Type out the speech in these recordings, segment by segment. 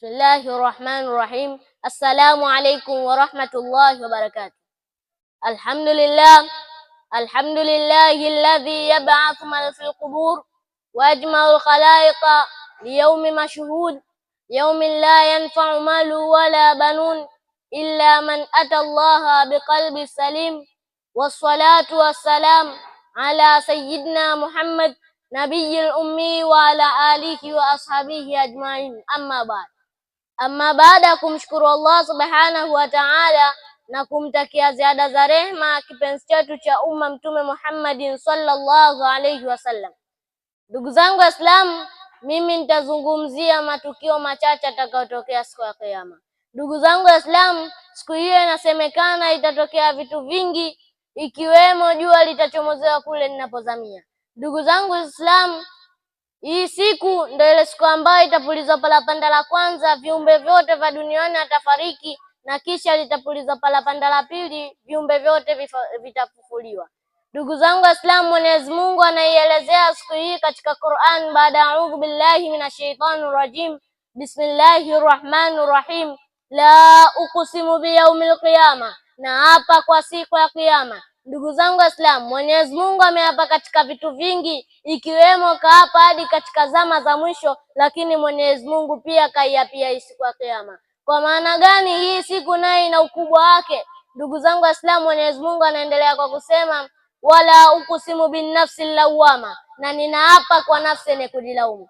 بسم الله الرحمن الرحيم السلام عليكم ورحمة الله وبركاته الحمد لله الحمد لله الذي يبعث من في القبور وأجمع الخلائق ليوم مشهود يوم لا ينفع مال ولا بنون إلا من أتى الله بقلب سليم والصلاة والسلام على سيدنا محمد نبي الأمي وعلى آله وأصحابه أجمعين أما بعد Amma baada ya kumshukuru Allah subhanahu wa ta'ala na kumtakia ziada za rehma kipenzi chetu cha umma Mtume Muhammadin sallallahu alaihi wasallam. Ndugu zangu Waislamu, mimi nitazungumzia matukio machache atakayotokea siku ya Kiyama. Ndugu zangu Waislamu, siku hiyo inasemekana itatokea vitu vingi, ikiwemo jua litachomozewa kule linapozamia. Ndugu zangu Waislamu, hii siku ndio ile siku ambayo itapulizwa parapanda la kwanza, viumbe vyote vya duniani atafariki, na kisha litapulizwa parapanda la pili, viumbe vyote vitafufuliwa. Ndugu zangu Waislamu, Mwenyezi Mungu anaielezea siku hii katika Qur'an baada ya audhu billahi minashaitani rajim, bismillahi rahmani rahim, la uqsimu biyaumil qiyama, na hapa kwa siku ya kiyama Ndugu zangu Waislamu, Mwenyezi Mungu ameapa katika vitu vingi, ikiwemo kaapa hadi katika zama za mwisho, lakini Mwenyezi Mungu pia kaiapia hii siku ya Kiyama. Kwa maana gani? Hii siku nayo ina ukubwa wake. Ndugu zangu Waislamu, Mwenyezi Mungu anaendelea kwa kusema, wala ukusimu bin nafsi lawama, na ninaapa kwa nafsi yenye kujilaumu.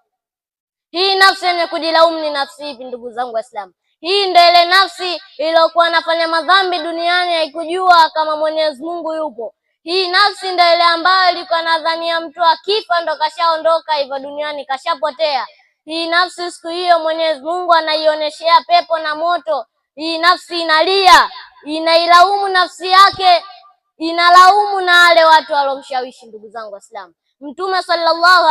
Hii nafsi yenye kujilaumu ni nafsi ipi? Ndugu zangu Waislamu, hii ndio ile nafsi iliyokuwa nafanya madhambi duniani, haikujua kama Mwenyezi Mungu yupo. Hii nafsi ndio ile ambayo ilikuwa nadhania mtu akifa ndo kashaondoka hivyo duniani, kashapotea. Hii nafsi siku hiyo Mwenyezi Mungu anaionyeshea pepo na moto. Hii nafsi inalia, inailaumu nafsi yake, inalaumu na wale watu walomshawishi. Ndugu zangu Waislamu, Mtume sallallahu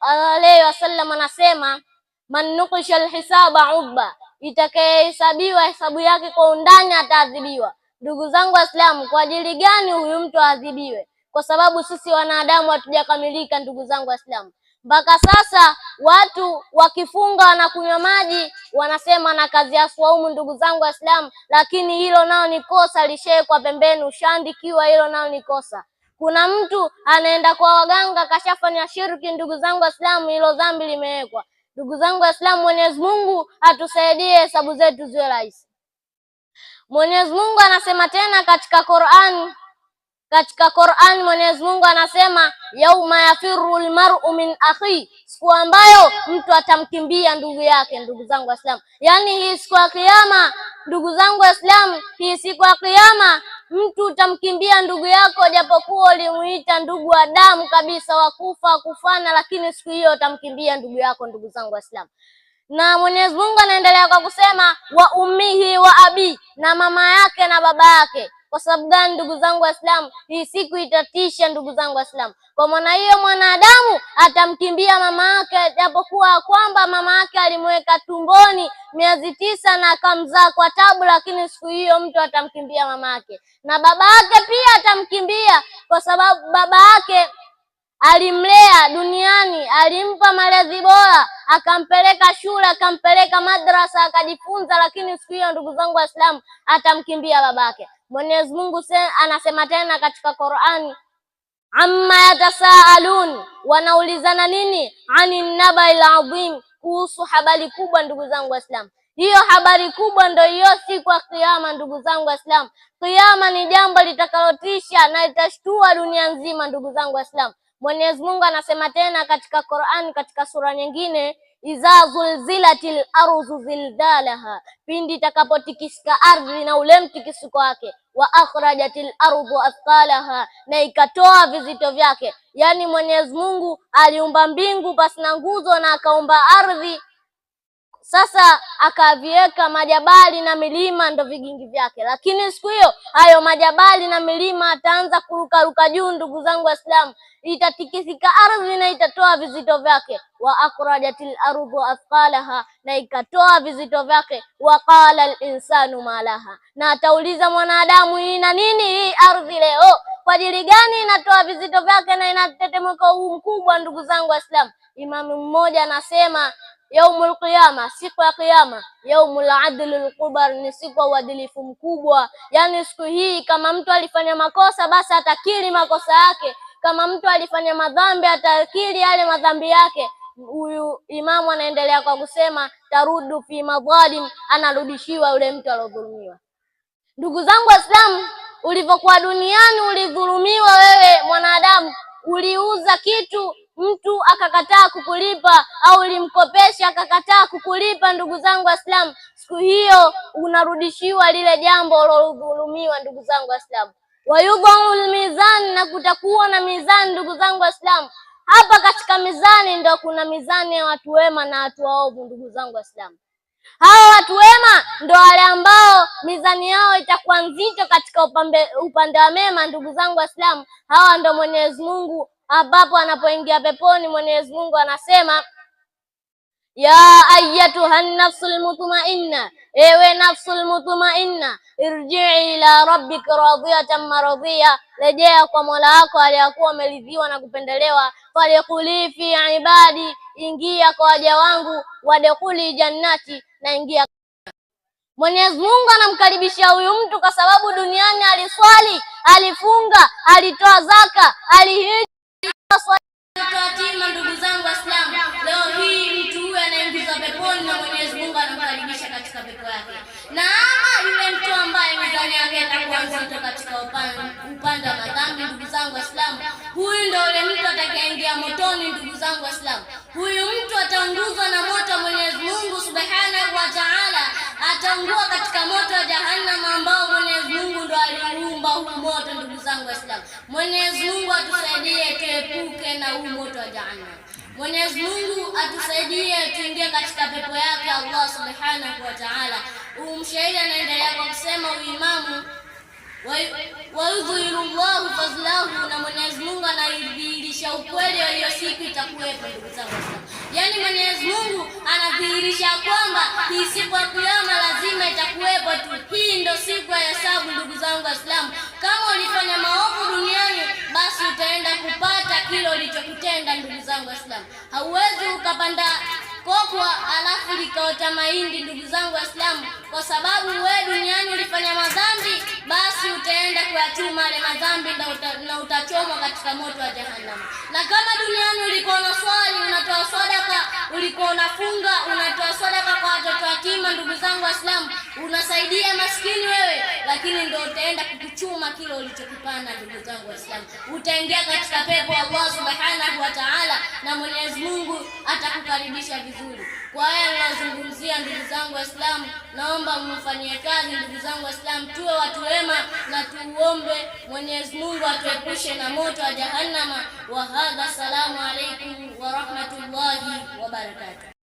alaihi wasallam anasema man nuqisha alhisaba ubba itakayehesabiwa hesabu yake kwa undani ataadhibiwa. Ndugu zangu Waislamu, kwa ajili gani huyu mtu aadhibiwe? Kwa sababu sisi wanadamu hatujakamilika. Ndugu zangu Waislamu, mpaka sasa watu wakifunga wanakunywa maji, wanasema na kazi ya swaumu. Ndugu zangu Waislamu, lakini hilo nao ni kosa, lishewekwa pembeni, ushaandikiwa. Hilo nao ni kosa. Kuna mtu anaenda kwa waganga, kashafanya shirki. Ndugu zangu Waislamu, hilo dhambi limewekwa Ndugu zangu Waislamu, Mwenyezi Mungu atusaidie hesabu zetu ziwe rahisi. Mwenyezi Mungu anasema tena katika Qur'an, katika Qur'an Mwenyezi Mungu anasema yauma yafirru lmaru min akhi siku ambayo mtu atamkimbia ndugu yake. Ndugu zangu Waislamu, yaani hii siku ya Kiyama, ndugu zangu Waislamu, hii siku ya Kiyama mtu utamkimbia ndugu yako, japokuwa ulimuita ndugu wa damu kabisa, wakufa wakufana, lakini siku hiyo utamkimbia ndugu yako, ndugu zangu Waislamu. Na Mwenyezi Mungu anaendelea kwa kusema wa ummihi wa abi, na mama yake na baba yake kwa sababu gani, ndugu zangu Waislamu? Hii siku itatisha, ndugu zangu Waislamu. Kwa maana hiyo, mwanadamu atamkimbia mama yake, japokuwa kwamba mama yake alimweka tumboni miezi tisa na akamzaa kwa tabu, lakini siku hiyo mtu atamkimbia mama yake, na baba yake pia atamkimbia, kwa sababu baba yake alimlea duniani, alimpa malezi bora, akampeleka shule, akampeleka madrasa, akajifunza. Lakini siku hiyo, ndugu zangu Waislamu, atamkimbia babake. Mwenyezi Mungu anasema tena katika Qur'ani, amma yatasaalun, wanaulizana nini? ani nabail adhim, kuhusu habari kubwa. Ndugu zangu Waislamu, hiyo habari kubwa ndio hiyo siku ya Kiyama. Ndugu zangu Waislamu, Kiyama ni jambo litakalotisha na litashtua dunia nzima. Ndugu zangu Waislamu, Mwenyezi Mungu anasema tena katika Qur'ani, katika sura nyingine iza zulzilatil ardhu zilzalaha, pindi itakapotikisika ardhi na ule mtikisiko wake. Wa akhrajatil ardhu athqalaha, na ikatoa vizito vyake. Yani Mwenyezi Mungu aliumba mbingu na nguzo na akaumba ardhi sasa akaviweka majabali na milima ndo vigingi vyake, lakini siku hiyo hayo majabali na milima ataanza kurukaruka juu. Ndugu zangu Waislamu, itatikisika ardhi na itatoa vizito vyake. Wa akhrajatil ardhu athqalaha, na ikatoa vizito vyake. Wa qala linsanu malaha, na atauliza mwanadamu, hii na nini hii ardhi leo? Kwa ajili gani inatoa vizito vyake na inatetemeka huu mkubwa? Ndugu zangu Waislamu, imamu mmoja anasema Yaumul qiyama, siku ya qiyama Yaumul adlil kubar, ni siku ya uadilifu mkubwa. yani siku hii kama mtu alifanya makosa basi atakiri makosa yake, kama mtu alifanya madhambi atakiri yale madhambi yake. Huyu imamu anaendelea kwa kusema tarudu fi madhalim, anarudishiwa yule mtu aliodhulumiwa. Ndugu zangu Waislamu, ulivyokuwa duniani ulidhulumiwa wewe mwanadamu, uliuza kitu mtu akakataa kukulipa au ulimkopesha akakataa kukulipa, ndugu zangu Waislamu, siku hiyo unarudishiwa lile jambo ulilodhulumiwa. Ndugu zangu Waislamu, wayudhau lmizani, na kutakuwa na mizani. Ndugu zangu Waislamu, hapa katika mizani ndio kuna mizani ya watu wema na watu waovu. Ndugu zangu Waislamu, hawa watu wema ndio wale ambao mizani yao itakuwa nzito katika upande wa mema. Ndugu zangu Waislamu, hawa ndio Mwenyezi Mungu ambapo anapoingia peponi Mwenyezi Mungu anasema ya ayyatuha nafsul mutmainna, ewe nafsul mutmainna, irjii ila rabbik radiyatan maradhiya, rejea kwa Mola wako aliyakuwa umeridhiwa na kupendelewa. Fadkhuli fi ibadi, ingia kwa waja wangu. Wadkhuli jannati, na ingia. Mwenyezi Mungu anamkaribisha huyu mtu kwa sababu duniani aliswali, alifunga, alitoa zaka, alihiji Yatima ndugu zangu Waislamu, leo hii mtu huyu anaingizwa peponi na Mwenyezi Mungu anamkaribisha katika pepo yake, na ama yule mtu ambaye mizani yake itakuwa nzito katika upande wa madhambi. Ndugu zangu Waislamu, huyu ndio yule mtu atakayeingia motoni. Ndugu zangu Waislamu, huyu mtu ataunguzwa na moto Mwenyezi Mungu subhanahu wa ta'ala ataungua katika moto wa Jahannam ambao Mwenyezi Mungu ndo aliumba huu moto. Ndugu zangu Waislamu, Mwenyezi Mungu atusaidie tuepuke na huu moto wa Jahannam. Mwenyezi Mungu atusaidie tuingie katika pepo yake Allah subhanahu wa taala. Umshairi anaendelea kwa kusema uimamu wayudhihiru llahu fadhlahu, na Mwenyezi Mungu anaidhihirisha ukweli wa hiyo siku itakuwepo. Ndugu zangu, yaani Mwenyezi Mungu anadhihirisha kwamba hii siku ya Kiyama tu. Hii ndio siku ya hesabu, ndugu zangu Waislamu. Kama ulifanya maovu duniani, basi utaenda kupata kile ulichokutenda. Ndugu zangu Waislamu, hauwezi ukapanda kokwa alafu likaota mahindi. Ndugu zangu Waislamu, kwa sababu we duniani ulifanya madhambi, basi utaenda kuyatuma yale madhambi na, uta, na utachomwa katika moto wa Jahannam. Na kama duniani ulikuwa unaswali, unatoa sadaka, ulikuwa unafunga, unatoa sadaka watoto yatima, ndugu zangu Waislamu, unasaidia maskini wewe, lakini ndio utaenda kukuchuma kile ulichokipanda. Ndugu zangu Waislamu, utaingia katika pepo ya Allah subhanahu wa ta'ala, na Mwenyezi Mungu atakukaribisha vizuri. Kwa haya ninazungumzia, ndugu zangu Waislamu, naomba mnifanyie kazi. Ndugu zangu Waislamu, tuwe watu wema na tuombe Mwenyezi Mungu atuepushe na moto wa jahannama. Wa hadha, salamu alaykum wa rahmatullahi wa barakatuh.